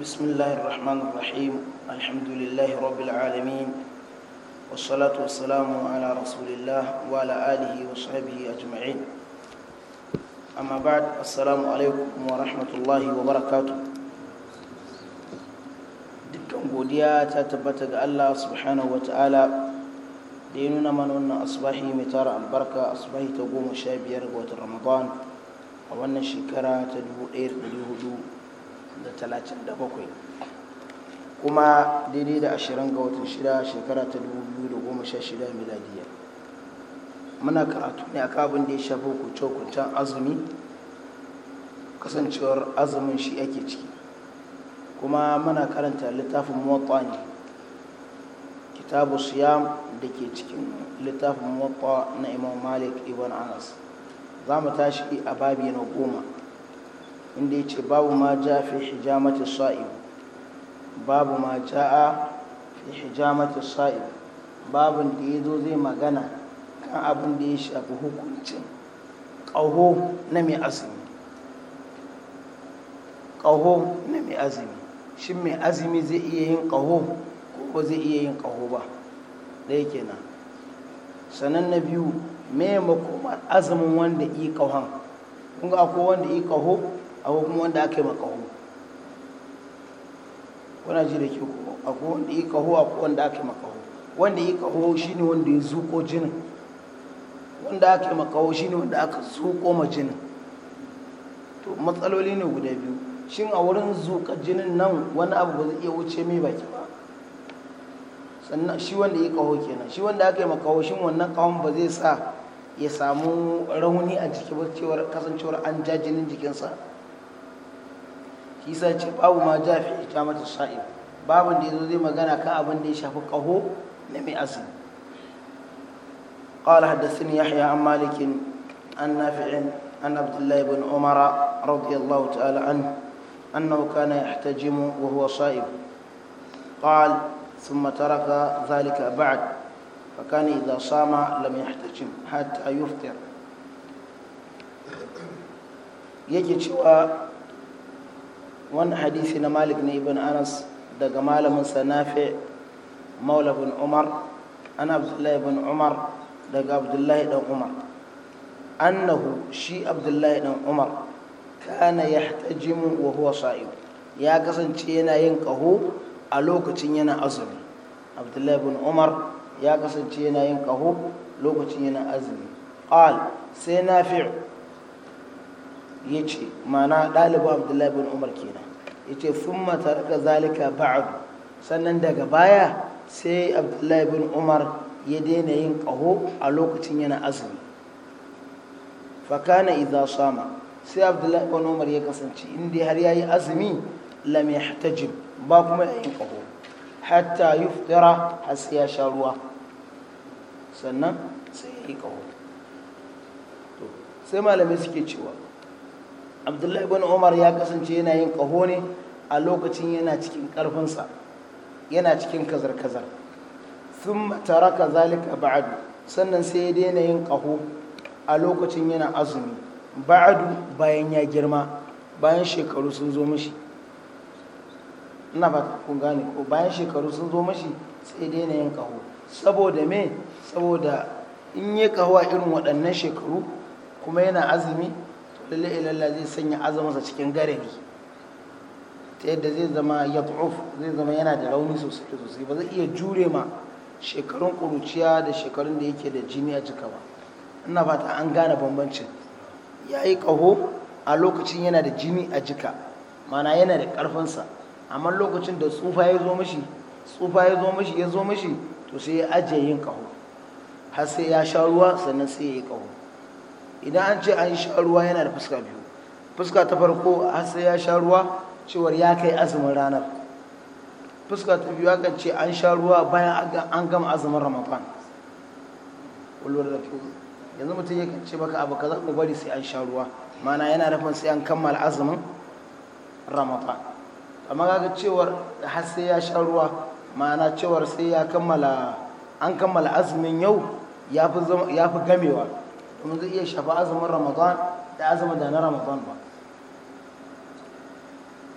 بسم الله الرحمن الرحيم الحمد لله رب العالمين والصلاة والسلام على رسول الله وعلى آله وصحبه أجمعين أما بعد السلام عليكم ورحمة الله وبركاته dukkan godiya ta tabbata ga Allah subhanahu wa ta'ala da ya nuna mana wannan asbahi mai tara albarka asbahi ta goma sha biyar ramadan a wannan shekara ta 1400 da talatin da bakwai kuma daidai da ashirin ga watan shida shekara ta dubu biyu da goma sha shida miladiyya muna karatu ne a kabin da ya shafi hukunce-hukuncen azumi kasancewar azumin shi ake ciki kuma muna karanta littafin motsa ne kitabu siyam da ke cikin littafin motsa na imam malik ibn anas za mu tashi a babi na goma inda ya ce babu ma ja fi hijamatu sa'ib babu ma ja'a fi hijamatu sa'ib babin da ya zo zai magana kan abin da ya shafi hukuncin ƙaho na mai azumi ƙaho na mai azumi shi mai azumi zai iya yin ƙaho ko ba zai iya yin ƙaho ba ɗaya kenan sannan na biyu me makomar azumin wanda iya ƙahon kun ga akwai wanda iya ƙaho akwai kuma wanda aka yi ma kaho kuna ji da ke akwai wanda yi kaho akwai wanda aka yi ma kaho wanda yi kaho shine wanda ya zuko jinin wanda aka yi ma kaho shine wanda aka zuko ma jinin to matsaloli ne guda biyu shin a wurin zuka jinin nan wani abu ba zai iya wuce mai baki ba sannan shi wanda yi kaho kenan shi wanda aka yi ma kaho shin wannan kawon ba zai sa ya samu rauni a jiki ba cewar kasancewar an ja jinin jikinsa kisa ce babu ma jafi ita mata sa'il babu da yanzu zai magana ka abin da ya shafi kaho na mai asin ƙwala haddasin ya haya an malikin an nafi'in an abdullahi bin umara radiyallahu ta'ala an an nauka na ya ta jimu wa huwa sa'il ƙwal sun mataraka zalika ba'ad fakani da sama lam ya ta jimu hatta yuftar yake cewa Wani hadisi na malik ne ibn anas daga malamin sa maula bin umar an abdullahi bin umar daga abdullahi dan umar annahu shi abdullahi dan umar kana yahtajimu wa huwa sa'ib ya kasance yana yin kaho a lokacin yana azumi abdullahi bin umar ya kasance yana yin kaho lokacin yana azumi qal sai nafi' ya ce ma'ana ɗalibu abdullahi bin umar kenan yace thumma taraka zalika ba'ad sannan daga baya sai abdullahi bin umar ya daina yin ƙaho a lokacin yana azumi fakana idza sama sai abdullahi bin umar ya kasance inda har yayi azumi lam yahtajib ba kuma yin ƙaho hatta yuftira har ya sha ruwa sannan sai ya yi ƙaho sai malamai suke cewa abdullahi ibn umar ya kasance yana yin ƙaho ne a lokacin yana cikin ƙarfinsa yana cikin kazar-kazar sun taraka zalika ba'adu sannan sai ya daina yin ƙaho a lokacin yana azumi ba'adu bayan ya girma bayan shekaru sun zo mashi ina ba kun gane ko bayan shekaru sun zo mashi sai daina yin ƙaho saboda me saboda in yi ƙaho a irin waɗannan shekaru kuma yana azumi lalle ilalla zai sanya azamansa cikin garari ta yadda zai zama ya zai zama yana da rauni sosai sosai ba zai iya jure ma shekarun ƙuruciya da shekarun da yake da jini a jika ba ina fata an gane bambancin ya yi ƙaho a lokacin yana da jini a jika mana yana da ƙarfinsa amma lokacin da tsufa ya zo mashi tsufa ya zo mashi ya zo mashi to sai ya ajiye yin ƙaho har sai ya sha ruwa sannan sai ya yi ƙaho idan an ce an yi ruwa yana da fuska biyu fuska ta farko har sai ya sha ruwa cewar ya kai azumin ranar fuska ta biyu akan ce an sha ruwa bayan an gama azumin ramadan ulwar da fi yanzu mutum ya ce maka abu ka mu bari sai an sha ruwa mana yana nufin sai an kammala azumin ramadan amma ga cewar har sai ya sha ruwa ma'ana cewar sai ya kammala an kammala azumin yau ya fi gamewa kuma zai iya shafa azumin ramadan da azumin da na ramadan ba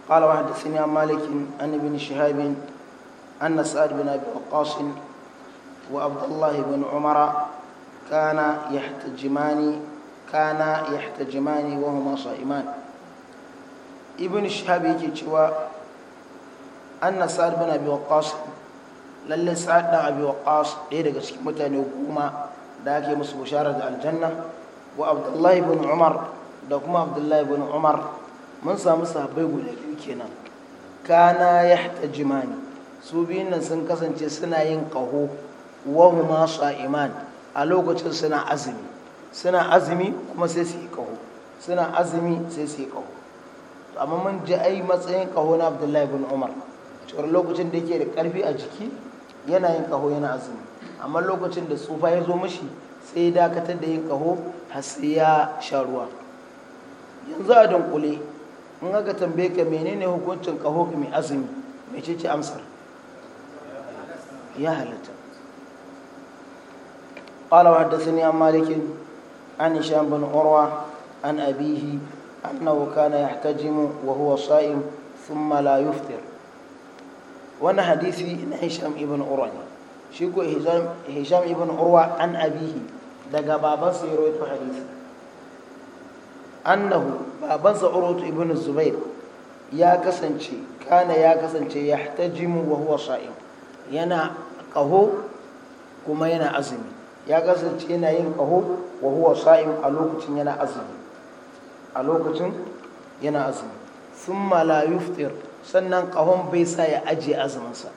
kala wa hadisini a malikin annabin shahabin na sa'ad bin abi waqasin wa abdullahi bin umara kana Jimani. kana Jimani wa huma iman. ibn shahab yake cewa an na sa'ad bin abi waqas lallai sa'ad na abi waqas ɗaya daga cikin mutane goma da ake musu bushara da aljanna wa abdullahi bin umar da kuma abdullahi bin umar mun samu sabai guda biyu kenan kana ya jimani su biyun nan sun kasance suna yin kaho wa huma sa'iman a lokacin suna azumi suna azumi kuma sai su yi kaho, suna azumi sai su yi To amma mun ji ai matsayin kaho na abdullahi bin umar cewar lokacin da yake da ƙarfi a jiki yana yin kaho yana azumi amma lokacin da tsufa ya zo mashi sai dakatar da yin kaho har sai ya sha ruwa yanzu a dunkule in aka tambaye ka menene hukuncin kaho mai azumi mai ce ce amsar ya halatta قال وحدثني عن مالك عن هشام بن عروة عن أبيه أنه كان يحتجم وهو صائم ثم لا يفطر وانا حديثي عن هشام بن عروة shi ko hisham ibn urwa an abihi daga babansa ya rawaito hadisi annahu babansa urwatu ibn zubair ya kasance kana ya kasance ya tajimu wa huwa sha'im yana kaho kuma yana azumi ya kasance yana yin kaho wa huwa sha'im a lokacin yana azumi a lokacin yana azumi sun la yuftir sannan kahon bai sa ya ajiye azuminsa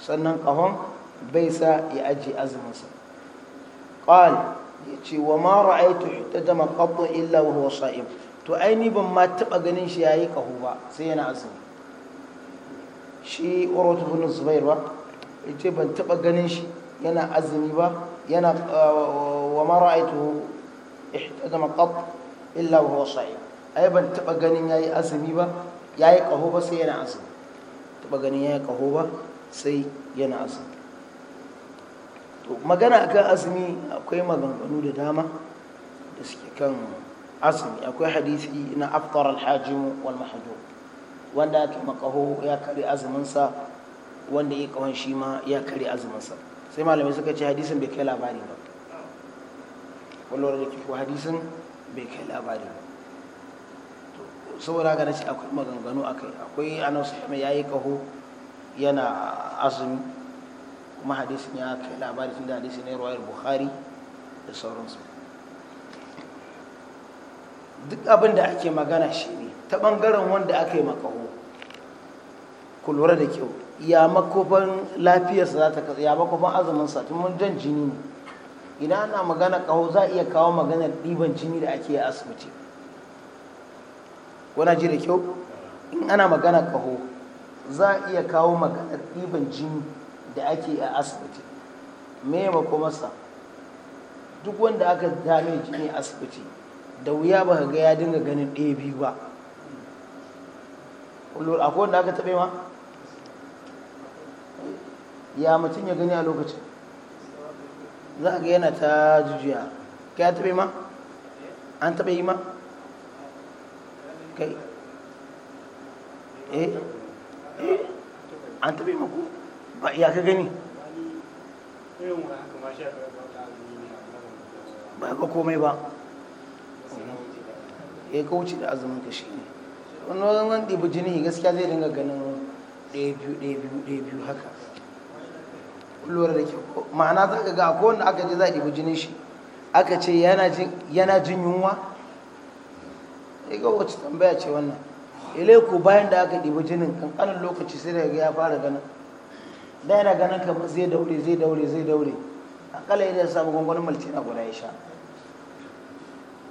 sannan kahon. bai sa ya ajiye azuminsa ƙwal ya ce wa ma ra'aitu ta dama ƙabba illa wa huwa to aini ban ma taɓa ganin shi ya yi ƙahu ba sai yana azumi shi urwatu bin zubair ba ya ce ban taɓa ganin shi yana azumi ba yana eh, wa ma ra'aitu dama qat illa wa huwa sha'im ai ban taɓa ganin ya yi azumi ba ya yi ba sai yana azumi taɓa ganin yayi ƙaho ba sai yana azumi to magana akan azumi akwai maganganu da dama da suke kan azumi akwai hadisi na aftar alhajimu wal mahajjo wanda ya kama kaho ya kare azuminsa wanda ya kawon shi ma ya kare azuminsa sai malamai suka ce hadisin bai kai labari ba wallawar da kifo hadisin bai kai labari ba saboda gane ce akwai maganganu akai akwai anan su ya yi kaho yana azumi kuma hadisin ya kai labari tun da hadisi ne ruwayar Buhari da sauransu duk abin da ake magana shi ne ta ɓangaren wanda aka yi makaho ku lura da kyau ya makofan lafiyarsa za ta kasa ya makofan azuminsa tun mun jan jini ne idan ana magana kaho za a iya kawo maganar ɗiban jini da ake yi a asibiti Wana ji da kyau in ana magana kaho za a iya kawo maganar ɗiban jini da ake a asibiti me sa duk wanda aka dame jini a asibiti da wuya ba ka ga ya dinga ganin ɗaya biyu ba akwai wanda aka taɓe ma ya mutum ya gani a lokacin za ga yana ta jujiya ka ya taɓe ma an taɓe yi ma kai eh eh an taɓe ma ku ba ya ka gani ba ga komai ba ya eh, kauce da azumin ka shi ne wani wajen ɗibi jini gaskiya zai dinga ganin ɗaya biyu ɗaya biyu ɗaya biyu haka lura da kyau ma'ana za ka ga a kowanne aka je za a ɗibi jinin shi aka ce yana jin yunwa ya eh, ga wacce tambaya ce wannan ilai ku bayan da aka ɗibi jinin kankanin lokaci sai daga ya fara ganin da yana ganin kamar zai daure zai daure zai daure akalla idan gungunan malci maltina guda ya sha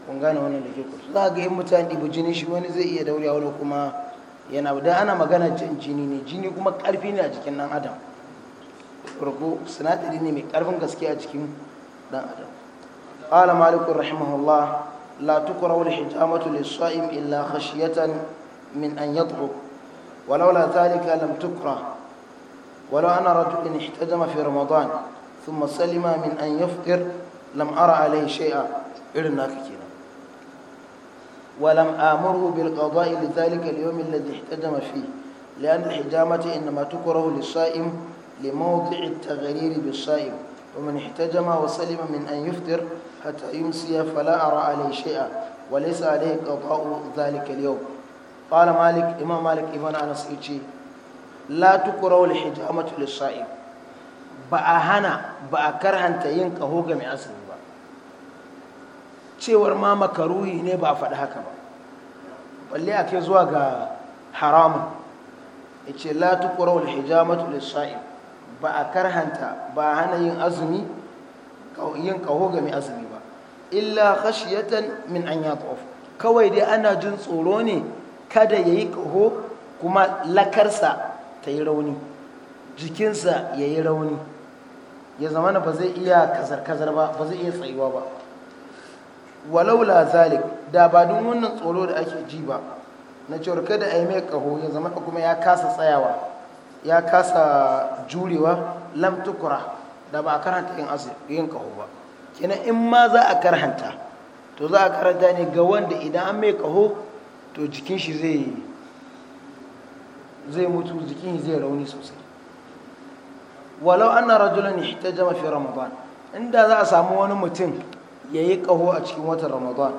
kun gane wannan da ke ku za a ga yin mutane ɗibu jini shi wani zai iya daurewa wani kuma yana da ana magana jin jini ne jini kuma ƙarfi ne a jikin ɗan adam farko sinadari ne mai ƙarfin gaske a cikin ɗan adam qala malikun rahimahullah la wani al-hijamatu lis-sa'im illa khashiyatan min an yadhhab walaula ذلك لم تكره ولو أنا رجل احتجم في رمضان ثم سلم من أن يفطر لم أرى عليه شيئا إرناك كثيرا ولم آمره بالقضاء لذلك اليوم الذي احتجم فيه لأن الحجامة إنما تكره للصائم لموضع التغرير بالصائم ومن احتجم وسلم من أن يفطر حتى يمسي فلا أرى عليه شيئا وليس عليه قضاء ذلك اليوم قال مالك إمام مالك إبن أنس إيشي la tuqra'u al-hijamatu lis-sa'im ba a hana ba a karhanta yin kaho ga mai azumi ba cewar ma makaruhi ne ba a faɗi haka ba balle ake zuwa ga haramun Ya ce la tuqra'u al-hijamatu lis-sa'im ba a karhanta ba a hana yin azumi yin kaho ga mai azumi ba illa khashiyatan min an yatuf kawai dai ana jin tsoro ne kada yayi kaho kuma lakarsa ta yi rauni jikinsa ya yi rauni ya zama ba zai iya kazar-kazar ba ba zai iya tsayuwa ba walaula zalik da ba don wannan tsoro da ake ji ba na cewarka kada a mai kaho ya zama kuma ya kasa tsayawa ya kasa jurewa lamtukura da ba a karanta yin kaho ba kina in ma za a karanta to za a karanta ne ga wanda idan an mai kaho to jikin shi zai yi. zai mutu jikin zai rauni sosai walau ana rajulan ihtajama fi ramadan inda za a samu wani mutum yayi kaho a cikin watan ramadan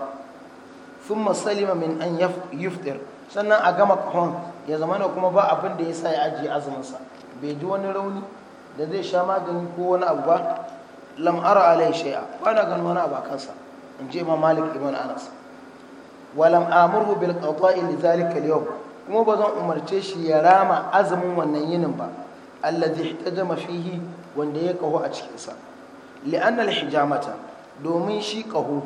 Sun salima min an yuftir sannan a gama kahon ya zama zamana kuma ba abin da sa ya ajiye azumin sa bai ji wani rauni da zai sha magani ko wani abu ba lam ara alai shay'a ba na ganin wani abu a kansa in je ma malik ibn anas wa lam amurhu bil qada'i li dhalika al kuma ba zan umarce shi ya rama azumin wannan yinin ba allazi ihtajama fihi wanda ya kaho a cikinsa sa li'an hijamata domin shi kaho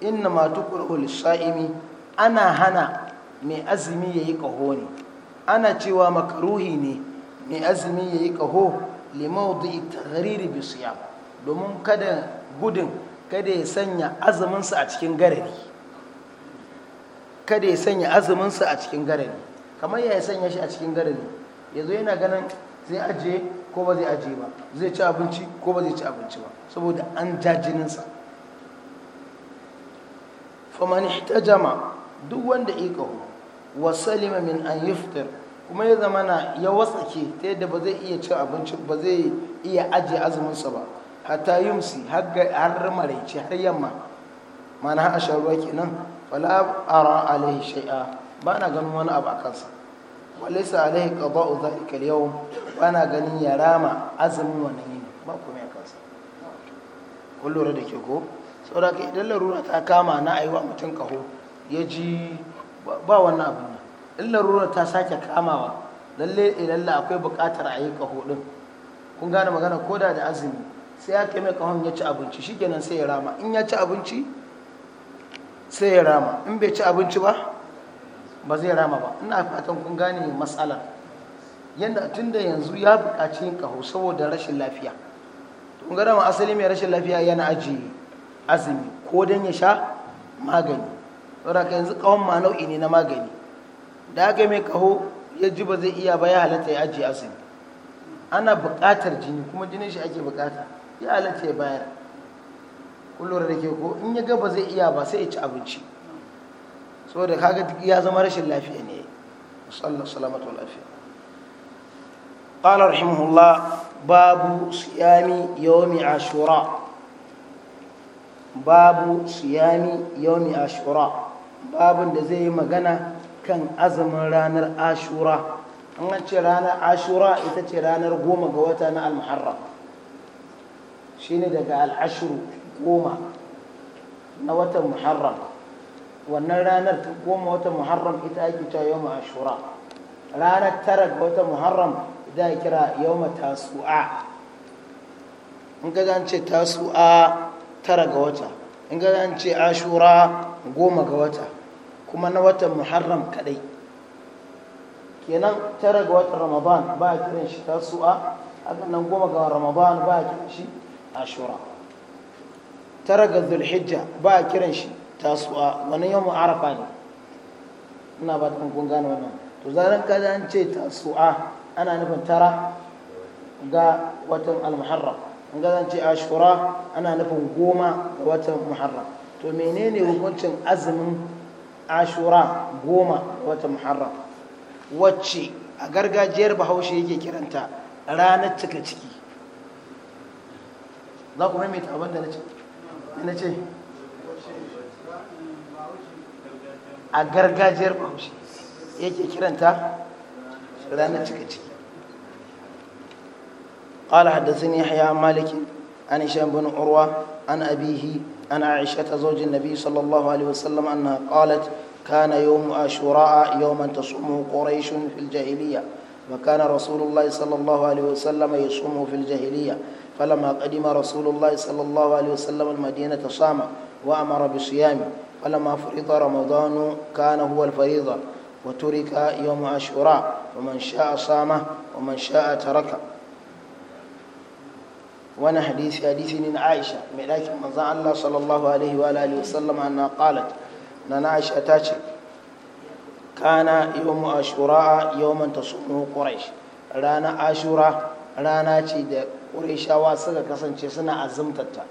inna ma tuqru lisaimi ana hana mai azumi yayi kaho ne ana cewa makruhi ne mai azumi yayi kaho limawdi'i taghriri bi siyam domin kada gudun kada ya sanya azumin sa a cikin garari kada ya sanya azuminsa a cikin ne, kamar ya sanya shi a cikin ya zo yana ganin zai ajiye ko ba zai ajiye ba zai ci abinci ko ba zai ci abinci ba saboda an ja jininsa ta jama duk wanda ikahu wa salima min an fitar, kuma ya zama na ya wasake ta yadda ba zai iya ci abinci ba zai iya ajiye azuminsa ba hatta yumsi har maraice har yamma mana har ruwa kenan wala ara alaihi shay'a ba na ganin wani abu a kansa walisa alaihi qada'u dhalika al-yawm ba na ganin ya rama azumin wannan yini ba kuma ya kansa kun lura da ke ko saboda idan larura ta kama na aiwa mutum kaho ya ji ba wannan abu ne. in larura ta sake kamawa lalle ilalla eh, akwai buƙatar a yi kaho din kun gane magana koda da azumi sai ya kai mai kahon ya ci abinci shikenan sai ya rama in ya ci abinci sai ya rama in bai ci abinci ba ba zai rama ba ina fatan kun gane matsalar yadda tun da yanzu ya buƙaci yin ƙaho saboda rashin lafiya tun gara ma asali mai rashin lafiya yana aji, azumi ko don ya sha magani saboda ka yanzu ƙahon ma nau'i ne na magani da aka mai ƙaho ya ji ba zai iya ba ya halatta ya aji azumi ana buƙatar jini kuma jinin shi ake buƙata ya halatta ya bayar kullum da ke ko in ya ga ba zai iya ba sai ya ci abinci saboda kaga ya zama rashin lafiya ne musallar salamatu lafiya qala rahimahullah babu siyami yawmi ashura babu siyami yawmi ashura babun da zai yi magana kan azumin ranar ashura an ce ranar ashura ita ce ranar goma ga wata na al-muharram shine daga al ashuru goma na watan muharram wannan ranar ta goma watan muharram ita ake cewa yau ashura ranar tara ga watan muharram ita ya kira yau tasu'a in ga zan ce tasu'a tara ga wata in ga zan ce ashura goma ga wata kuma na watan muharram kadai kenan tara ga watan ramadan ba a kiran shi tasu'a hakan nan goma ga ramadan ba a kiran shi ashura tara ga zulhijja ba a kiran shi tasuwa wani yau arafa ne ina ba ta kun gane wannan to zaran kaji an ce tasuwa ana nufin tara ga watan almuharram an ga zan ce ashura ana nufin goma ga watan muharram to menene hukuncin azumin ashura goma ga watan muharram wacce a gargajiyar bahaushe yake kiranta ranar cika ciki za ku maimaita abin da na ciki a gargajiyar bahaushe yake kiranta ranar cika ciki قال حدثني يحيى مالك عن هشام بن عروة عن أبيه عن عائشة زوج النبي صلى الله عليه وسلم أنها قالت كان يوم عاشوراء يوما تصومه قريش في الجاهلية وكان رسول الله صلى الله عليه وسلم يصومه في الجاهلية فلما قدم رسول الله صلى الله عليه وسلم المدينة صام وأمر بصيامه فلما فرض رمضان كان هو الفريضة وترك يوم عاشوراء ومن شاء صام ومن شاء تركه وانا حديث حديث من عائشة ملاك من الله صلى الله عليه وآله وسلم أنها قالت أن عائشة تاتي كان يوم عاشوراء يوما تصومه قريش رانا عاشوراء رانا تي ƙurayshawa suka kasance suna azumtarta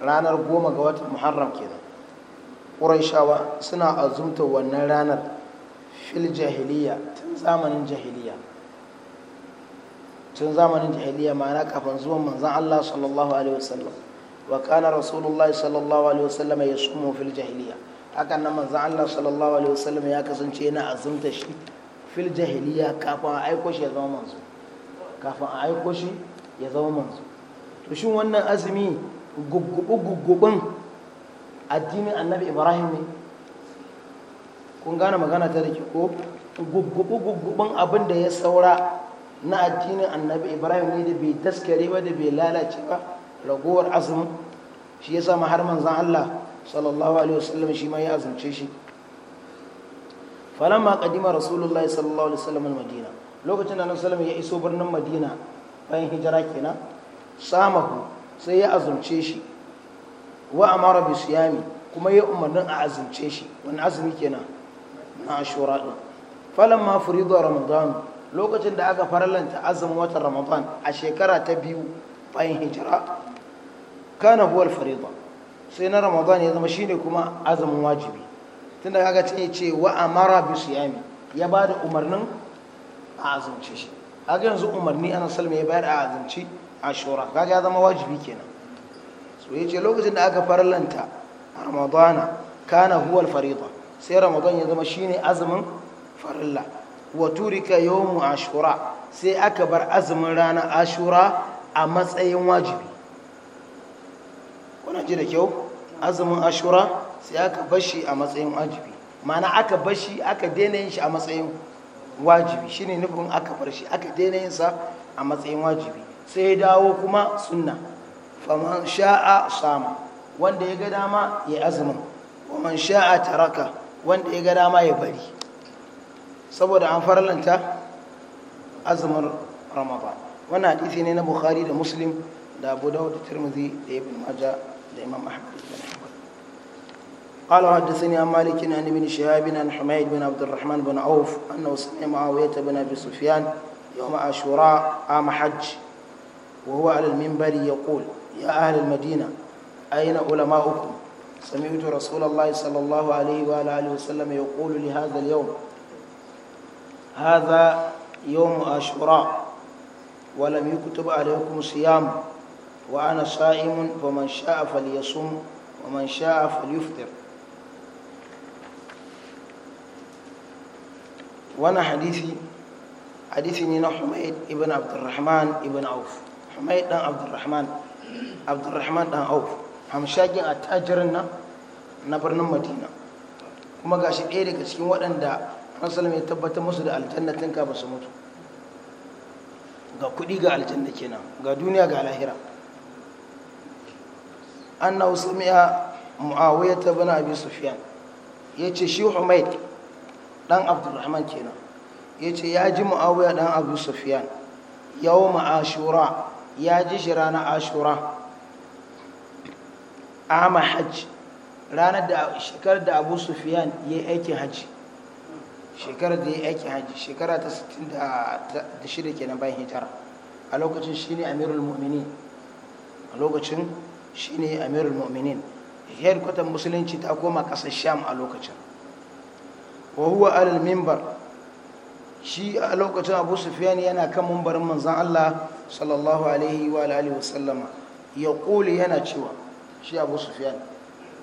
ranar goma ga watan muharram kenan ƙurayshawa suna azumtar wannan ranar fil jahiliya tun zamanin jahiliya tun zamanin jahiliya ma'ana kafin zuwan manzon Allah sallallahu alaihi wasallam wa kana rasulullahi sallallahu alaihi wasallam ya sumu fil jahiliya hakan nan manzon Allah sallallahu alaihi wasallam ya kasance yana azumta shi fil jahiliya kafin a aiko shi ya zama manzo kafin a aiko shi ya zama manzo to shin wannan azumi guggubu guggubin addinin annabi ibrahim ne kun gane magana ta da ke ko guggubu guggubin abin da ya saura na addinin annabi ibrahim ne da bai daskare ba da bai lalace ba ragowar azumin shi ya sama har manzan allah sallallahu alaihi wasallam shi ma ya azumce shi falamma qadima rasulullahi sallallahu alaihi wasallam madina lokacin da nan sallam ya iso birnin madina bayan hijira kenan samahu sai ya azumce shi wa amara bi siyami kuma ya umarnin a azumce shi wani azumi kenan na ashura din falamma furidu ramadan lokacin da aka faralanta azumin watan ramadan a shekara ta biyu bayan hijira kana huwa al sai na ramadan ya zama shine kuma azumin wajibi tunda kaga ce ce wa amara bi siyami ya bada umarnin a azumce shi haka yanzu umarni ana salma ya bayar a azanci ashura kaga ya zama wajibi kenan so ya ce lokacin da aka farlanta ramadana kana huwa alfarida sai ramadan ya zama shine azumin farilla wa turika yawmu ashura sai aka bar azumin rana ashura a matsayin wajibi kuna ji da kyau azumin ashura sai aka bashi a matsayin wajibi mana aka bashi aka daina yin shi a matsayin wajibi shine nufin aka bar shi aka daina yin sa a matsayin wajibi sai ya dawo kuma sunna faman sha'a sama wanda ya ga dama ya azumin faman sha'a taraka wanda ya ga dama ya bari saboda an farlanta azumin ramaba wannan hadisi ne na bukhari da muslim da abu dawud da tirmidhi da ibn majah da imam ahmad قال وحدثني عن مالك عن ابن شهاب عن حميد بن عبد الرحمن بن عوف انه سمع معاويه بن ابي سفيان يوم عاشوراء عام حج وهو على المنبر يقول يا اهل المدينه اين علماؤكم سمعت رسول الله صلى الله عليه وعلى اله وسلم يقول لهذا اليوم هذا يوم عاشوراء ولم يكتب عليكم صيام وانا صائم فمن شاء فليصم ومن شاء فليفطر wannan hadisi hadisi ne na humaid ibn abdurrahman ibn auf humaid dan abdurrahman abdurrahman dan auf hamshagin attajirin nan na birnin madina kuma gashi ɗaya daga cikin waɗanda an ya tabbatar musu da aljannatin ka ba su mutu ga kuɗi ga aljanna kenan ga duniya ga lahira annahu sami'a bana ibn abi Ya ce shi humaid dan abdulrahman kenan ya ce ya ji ma'awuya dan abu Sufiyan yau ashura ya ji shi rana ashura ama hajji ranar da shekarar da abu Sufiyan ya yi aikin hajji shekarar da ya yi aikin hajji shekara ta 66 kenan bayan hijira a lokacin shi ne amirul mu'mini a lokacin shi ne amirul yi kwatan musulunci ta koma ƙasar sham a lokacin wa huwa alal mimbar shi a lokacin abu sufyan yana kan mimbarin manzon Allah sallallahu alaihi wa alihi wa sallama ya kuli yana cewa shi abu sufyan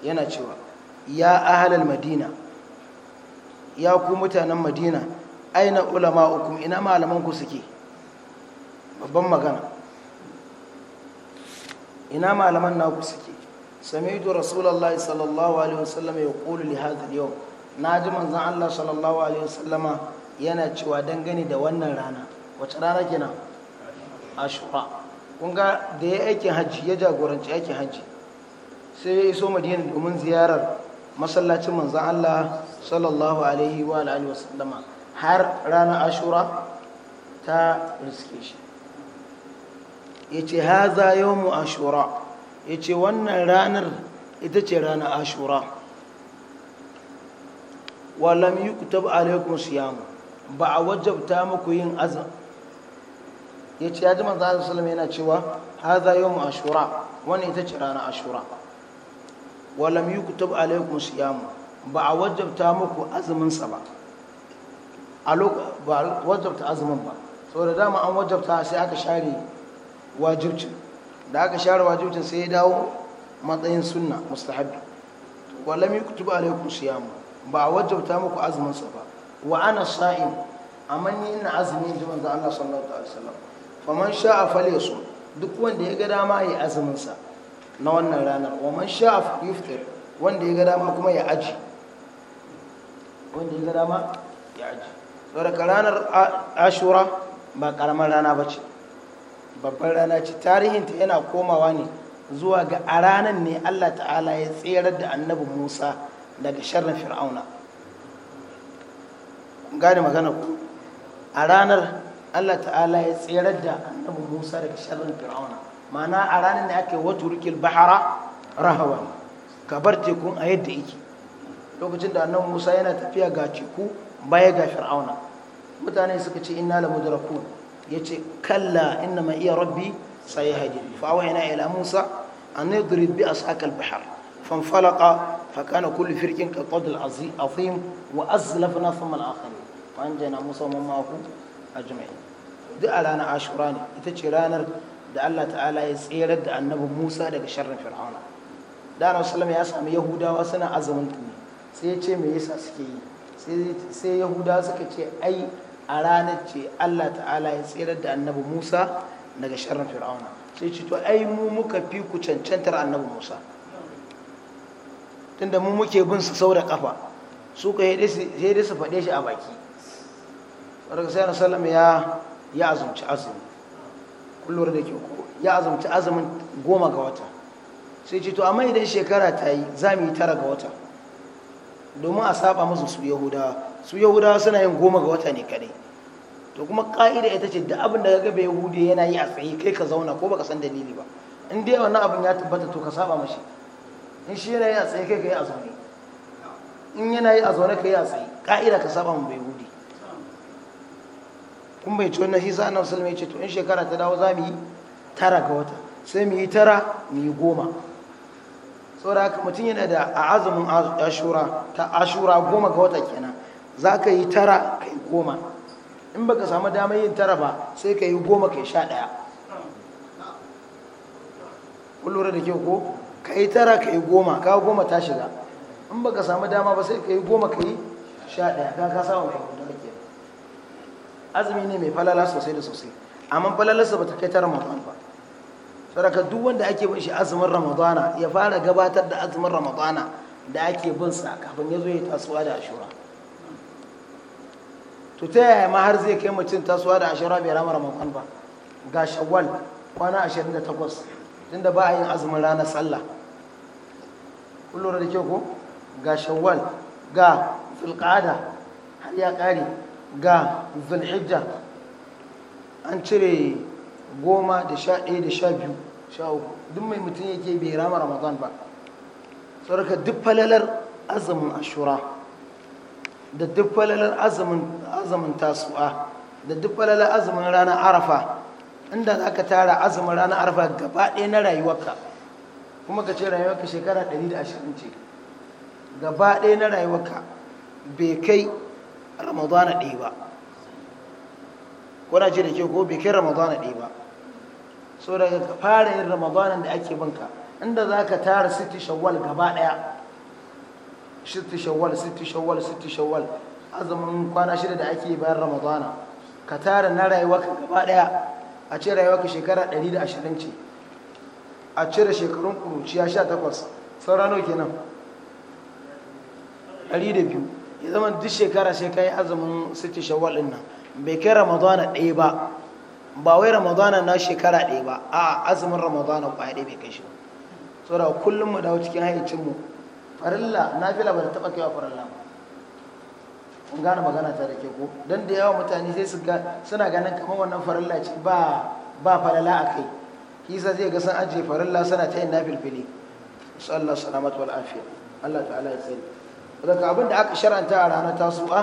yana cewa ya ahlal madina ya ku mutanen madina aina ulama ukum ina malaman ku suke babban magana ina malaman naku suke sami'tu rasulullahi sallallahu alaihi wasallam ya qulu li hadha al na ji manzan Allah sallallahu alaihi wasallama yana cewa dangane da wannan rana wace rana kenan ashura kun ga da ya aikin hajji ya jagoranci aikin hajji sai ya iso madina domin ziyarar masallacin manzan Allah sallallahu alaihi wa alihi wasallama har rana ashura ta riske shi ya ce haza yawmu ashura ya ce wannan ranar ita ce rana ashura wa ku yuktab alaikum siyamu ba a wajabta muku yin azan yace ya ji manzo Allah sallallahu yana cewa hadha yawm ashura wani ita ce rana ashura wa ku yuktab alaikum siyamu ba a wajabta muku azumin sa ba a ba wajabta azumin ba sau da dama an wajabta sai aka share wajibcin da aka share wajibcin sai ya dawo matsayin sunna mustahabi wa ku yuktab alaikum siyamu. ba a wajabta muku azumin sa ba wa ana sa'im amma ni ina azumi ji manzo Allah sallallahu alaihi wasallam man sha'a falyasum duk wanda ya ga dama yi azumin sa na wannan ranar wa man sha'a yuftir wanda ya ga dama kuma ya aji wanda ya ga dama ya aji saboda ranar ashura ba karamar rana ba ce babbar rana ce tarihinta yana komawa ne zuwa ga a ranar ne allah ta'ala ya tserar da annabi musa daga sharrin fir'auna gane magana ku a ranar allah ta'ala ya tserar da annabu musa daga sharrin fir'auna mana a ranar da ake wata rikil bahara ka bar tekun a yadda yake lokacin da annabu musa yana tafiya ga teku baya ga fir'auna mutane suka ce da la ya ce kalla inna ma iya rabbi ya hajji wa ina ila musa an yadrib a sakal bahar فانفلق فكان كل فرق كالطود العظيم وأزلفنا ثم الآخرين فأنجينا موسى ومن معه أجمعين duk a ranar ashura ne ita ce ranar da Allah ya tserar da annabi Musa daga sharrin fir'auna da na sallama ya sami yahudawa suna azumin ne sai ya ce me yasa suke yi sai yahudawa suka ce ai a ranar ce Allah ta'ala ya tserar da annabi Musa daga sharrin fir'auna sai ce to ai mu muka fi ku cancantar annabi Musa tunda mu muke bin su sau da kafa su ka sai dai su faɗe shi a baki daga sai na ya ya azumci azumi kullum da ke ya azumci azumin goma ga wata sai ce to amma idan shekara ta yi za mu yi tara ga wata domin a saba musu su yahudawa su yahudawa suna yin goma ga wata ne kadai to kuma ka'ida ita ce da abin da ga gaba yahudi yana yi a tsaye kai ka zauna ko baka san dalili ba in dai wannan abin ya tabbata to ka saba mashi in shi yana yi a tsaye kai ka yi a zaune in yana yi a zaune ka yi a tsaye ka'ida ka saba mu bai hudi kun bai ci na hisa annabi sallallahu alaihi wasallam ya ce to in shekara ta dawo za mu yi tara ga wata sai mu yi tara mu yi goma saboda haka mutum yana da a azumin ashura ta ashura goma ga wata kenan za ka yi tara ka yi goma in baka samu damar yin tara ba sai ka yi goma ka yi sha ɗaya kun lura da kyau ko ka yi tara ka yi goma ka goma ta shiga in ba ka samu dama ba sai ka yi goma ka yi sha ɗaya ka ka samu kwakwata da ke azumi ne mai falala sosai da sosai amma falalarsa ba ta kai ta ramadan ba saraka duk wanda ake bin shi azumin ramadana ya fara gabatar da azumin ramadana da ake bin sa kafin ya zo ya tasowa da ashura to ta yaya ma har zai kai mutum tasowa da ashura bai rama ramadan ba ga shawwal kwana 28 tunda ba a yin azumin ranar sallah kullum da kyau ko ga shawwal ga filƙada har ya ƙari, ga zulhijja an cire goma da sha ɗaya da sha biyu sha uku duk mai mutum yake bai rama ramadan ba sauraka duk falalar azumin ashura da duk falalar azumin tasu'a da duk falalar azumin ranar arafa inda za ka tara azumin ranar arfa gaba ɗaya na rayuwarka kuma ka ce rayuwarka shekara 120 ce gaba ɗaya na rayuwarka bai kai ramadana ɗaya ba kuna ce da ke ko bai kai ramadana ɗaya ba so daga ka fara yin Ramadana da ake banka inda za ka tara siti shawwal gaba ɗaya siti shawwal siti shawwal siti shawwal azumin kwana shida da ake bayan ramadana ka tara na rayuwarka gaba ɗaya a ce rayuwa ka shekara 120 ce a cire shekarun kuruciya 18 saura nau kenan 102 ya zama duk shekara sai ka yi azumin siti shawalin nan bai kai ramadana ɗaya ba ba wai ramadana na shekara ɗaya ba a azumin ramadana ƙwaya ɗaya bai kai shi ba saura kullum mu dawo cikin haicinmu farilla na fila ba da taɓa wa farilla ba kun gane magana ta da ke ko don da yawa mutane sai su suna ganin kamar wannan farilla ce ba ba falala a kai kisa zai ga san ajiye farilla suna ta yin na filfili sallallahu salamat wal afiya Allah ta'ala ya tsare daga abin da aka sharanta a ranar tasu'a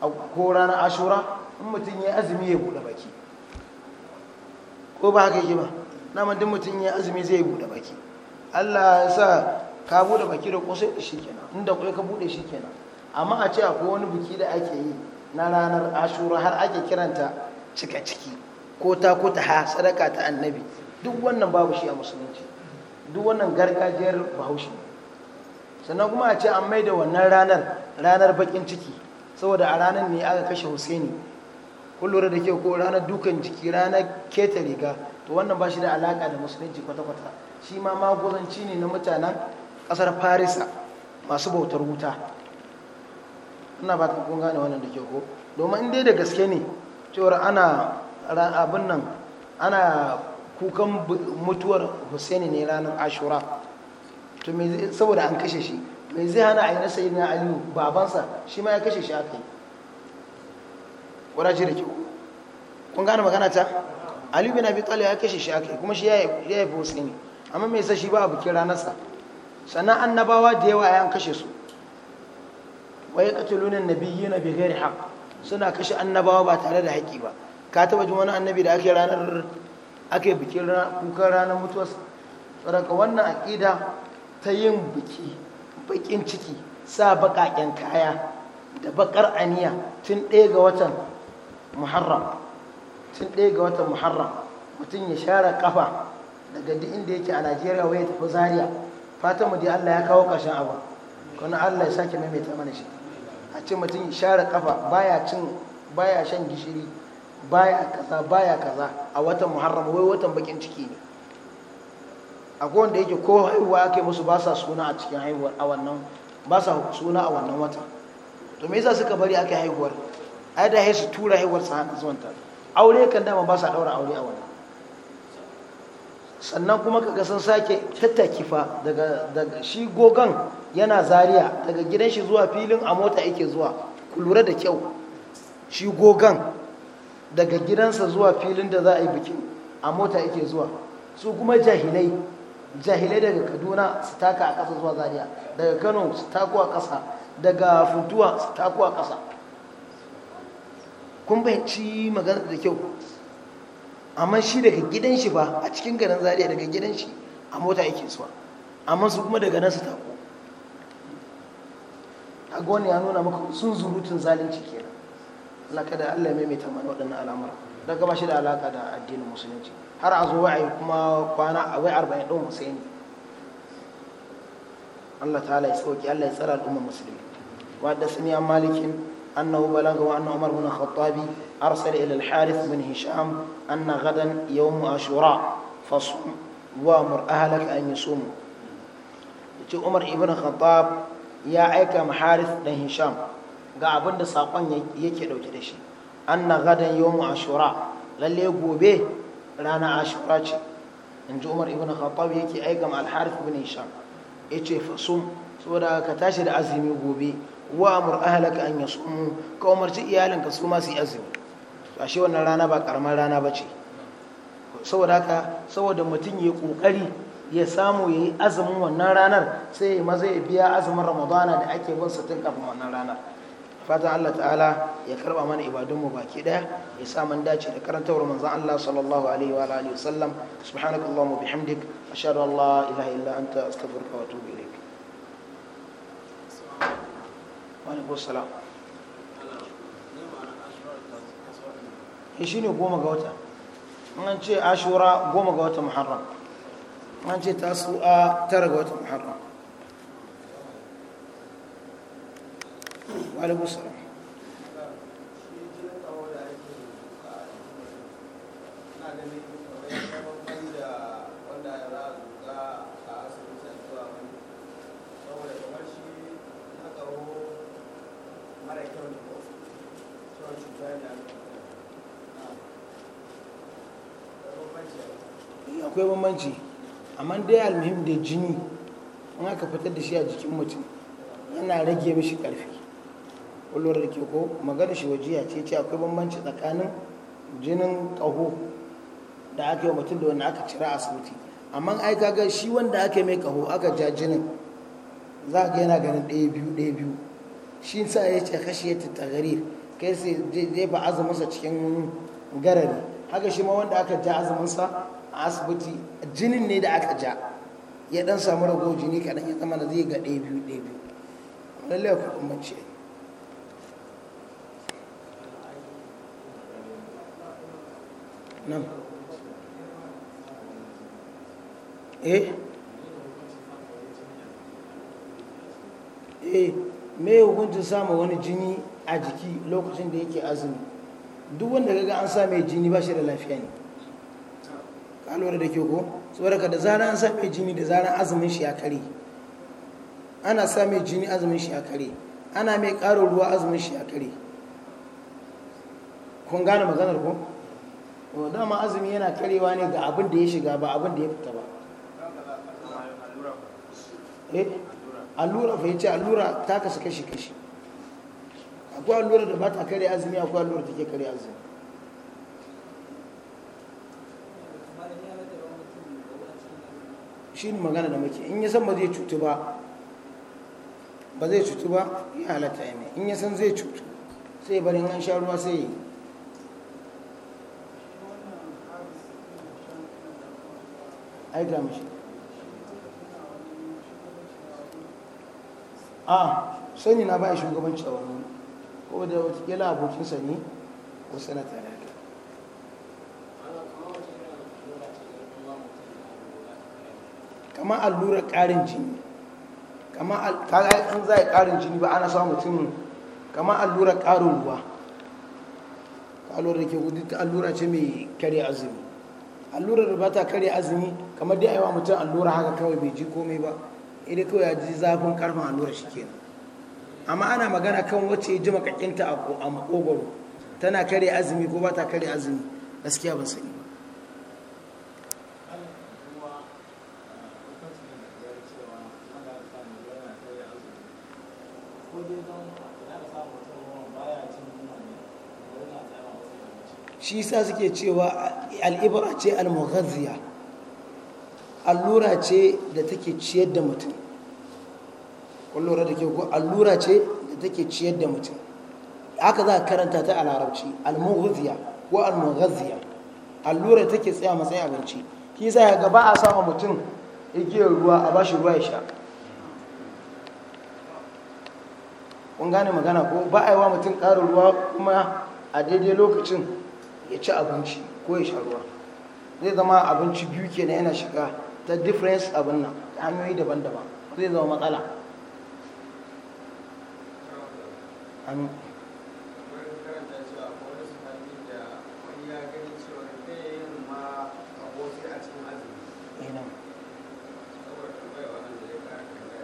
a ko ranar ashura in mutum ya azumi ya bude baki ko ba haka yake ba na mutum mutum ya azumi zai bude baki Allah ya sa ka bude baki da kosai da shi kenan inda kai ka bude shi kenan amma a ce akwai wani buki da ake yi na ranar ashura har ake kiranta cika ciki ko ta ko ta ha sadaka ta annabi duk wannan babu shi a musulunci duk wannan gargajiyar bahaushe sannan kuma a ce an mai da wannan ranar ranar bakin ciki saboda a ranar ne aka kashe husaini kun lura da ke ko ranar dukan jiki ranar keta riga to wannan ba shi da alaka da musulunci kwata-kwata shi ma magozanci ne na mutanen kasar farisa masu bautar wuta ina ta kun gane wannan da ke ko domin in da gaske ne cewar ana abin nan ana kukan mutuwar husaini ne ranar ashura to me saboda an kashe shi me zai hana a yi na sayi na aliyu babansa shi ma ya kashe shi aka yi kwanaci da kyau kun gane magana ta aliyu bin abi talib ya kashe shi aka yi kuma shi ya yi husaini amma me yasa shi ba a bikin ranarsa sannan annabawa da yawa ya kashe su wai yaqtuluna an na bighairi haqq suna kashe annabawa ba tare da haƙi ba ka taba jin wani annabi da ake ranar ake bikin kukan ranar mutuwar tsaraka wannan aƙida ta yin biki bakin ciki sa baƙaƙen kaya da baƙar aniya tun ɗaya ga watan muharram tun ɗaya ga watan muharram mutum ya share kafa daga duk inda yake a najeriya wai ya tafi zaria fatan mu dai allah ya kawo ƙarshen abu kuma allah ya sake maimaita mana shi a ce mutum share kafa baya cin baya shan gishiri baya kaza baya kaza a watan muharram wai watan bakin ciki ne akwai wanda yake ko haihuwa ake musu ba sa suna a cikin haihuwar a wannan ba sa suna a wannan wata to me yasa suka bari ake haihuwar ai da su tura haihuwar sa zuwan ta aure kan dama ba sa daura aure a wannan sannan kuma kaga sun sake tattaki fa daga shi gogon yana zaria daga gidan shi zuwa filin a mota yake zuwa ku lura da kyau shi gogon daga gidansa zuwa filin da za a yi bikin a mota yake zuwa su kuma jahilai jahilai daga kaduna su taka a ƙasa zuwa zaria daga kano su tako a ƙasa daga futuwa su tako a ƙasa kun ci magana da kyau amma shi daga gidan shi ba a cikin garin Zariya daga gidan shi a mota yake suwa amma su kuma daga nan su tako a gwani ya nuna maka sun zurutun zalunci kenan Allah kada Allah ya maimaita mana waɗannan al'amura daga ba shi da alaka da addinin musulunci har a zo wa'ayi kuma kwana a wai arba'in ɗin husaini Allah ta ya tsoki Allah ya tsara al'ummar musulmi wadda sun yi an malikin annahu balaga wa annahu umar bin khattabi أرسل إلى الحارث بن هشام أن غدا يوم عاشوراء فصم وامر أهلك أن يصوموا عمر ابن الخطاب يا أيك محارث dan هشام ga abin da saƙon yake ɗauke da shi an na gadon yawon ashura lalle gobe rana ashura ce in umar ibn khattab yake aika ma alharif ibn hisham ya ce fasum saboda ka tashi da azumi gobe wa amur ahalaka an yasumu ka umarci iyalinka su ma su yi azumi to ashe wannan rana ba karamar rana ba ce saboda haka saboda mutum ya kokari ya samu ya yi azumin wannan ranar sai ya maza ya biya azumin ramadana da ake bin tun kafin wannan ranar fatan Allah ta'ala ya karba mana ibadunmu baki daya ya sa mun dace da karantawar manzon Allah sallallahu alaihi wa alihi wasallam subhanakallahumma bihamdik ashhadu an la ilaha illa anta astaghfiruka wa atubu ilaik wa alaikum assalam Eh, shi ne goma ga wata an ce ashura goma ga wata muharram an ce a tara ga wata muharram wa salam akwai bambanci amma dai almuhim da jini in aka fitar da shi a jikin mutum yana rage mishi karfi kullum da ke ko magana shi wajiya ce ce akwai bambanci tsakanin jinin ƙaho da aka yi mutum da wanda aka cira asibiti amma ai kaga shi wanda aka mai kaho aka ja jinin za ka yana ganin ɗaya biyu ɗaya biyu shi sa ya ce kashi ya gari kai sai zai ba sa cikin garari haka shi ma wanda aka ja azumin sa. a asibiti jinin ne da aka ja ya dan samu rago jini kadan ya zama da zai ga ɗaya biyu ɗaya biyu lallai ku kumbanci nan eh eh me hukuncin samu wani jini a jiki lokacin da yake azumi duk wanda gaga an sa mai jini ba shi da lafiya ne an da ke ko saboda da zarar an same jini da zarar azumin shi ya kare ana same jini azumin shi ya kare ana mai ƙarin ruwa azumin shi ya kare kun gane maganar ko dama azumi yana karewa ne ga abin da ya shiga ba abin da ya fita ba eh? allura fa yace allura ta kasu kashi kashi akwai allura da ba ta kare azumi akwai allura da take kare azumi shi ne magana da muke in ya san ba zai cutu ba ba zai cutu ba ya halatta ya mai in ya san zai cutu sai bari an sha ruwa sai yi aika mashi a sani na ba shugabanci a wani ko da wata abokinsa ne ko sanata kama allurar ƙarin jini kama kaga an zai ƙarin jini ba ana samun mutum kamar allurar ƙarin ruwa allurar da ke gudu ta allura ce mai karya azumi allurar ba ta karya azumi kamar dai aiwa mutum allura haka kawai bai ji komai ba idan kawai ya ji zafin karfin allura shi kenan amma ana magana kan wacce ya ji makakinta a makogoro tana karya azumi ko ba ta karya azumi gaskiya ban sani shi sa suke cewa al'ibra ce al-mughazziya allura ce da take ciyar da mutum kullura da ke allura ce da take ciyar da mutum haka za a karanta ta a larabci al-mughazziya ko al-mughazziya allura take tsaya matsayin abinci shi sa ya gaba a sama mutum igiyar ruwa a bashi ruwa ya sha kun gane magana ko ba a yi wa mutum ƙarin ruwa kuma a daidai lokacin ya ci abinci ko ya sha ruwa zai zama abinci biyu kenan yana shiga ta difference abin nan ta hanyoyi daban-daban zai zama matsala eh,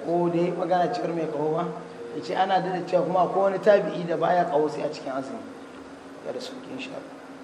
ko da ya magana cikar mai kawo ba ya ce ana da cewa kuma ko wani tabi'i da baya kawo sai a cikin azumi ya da sauƙin shafi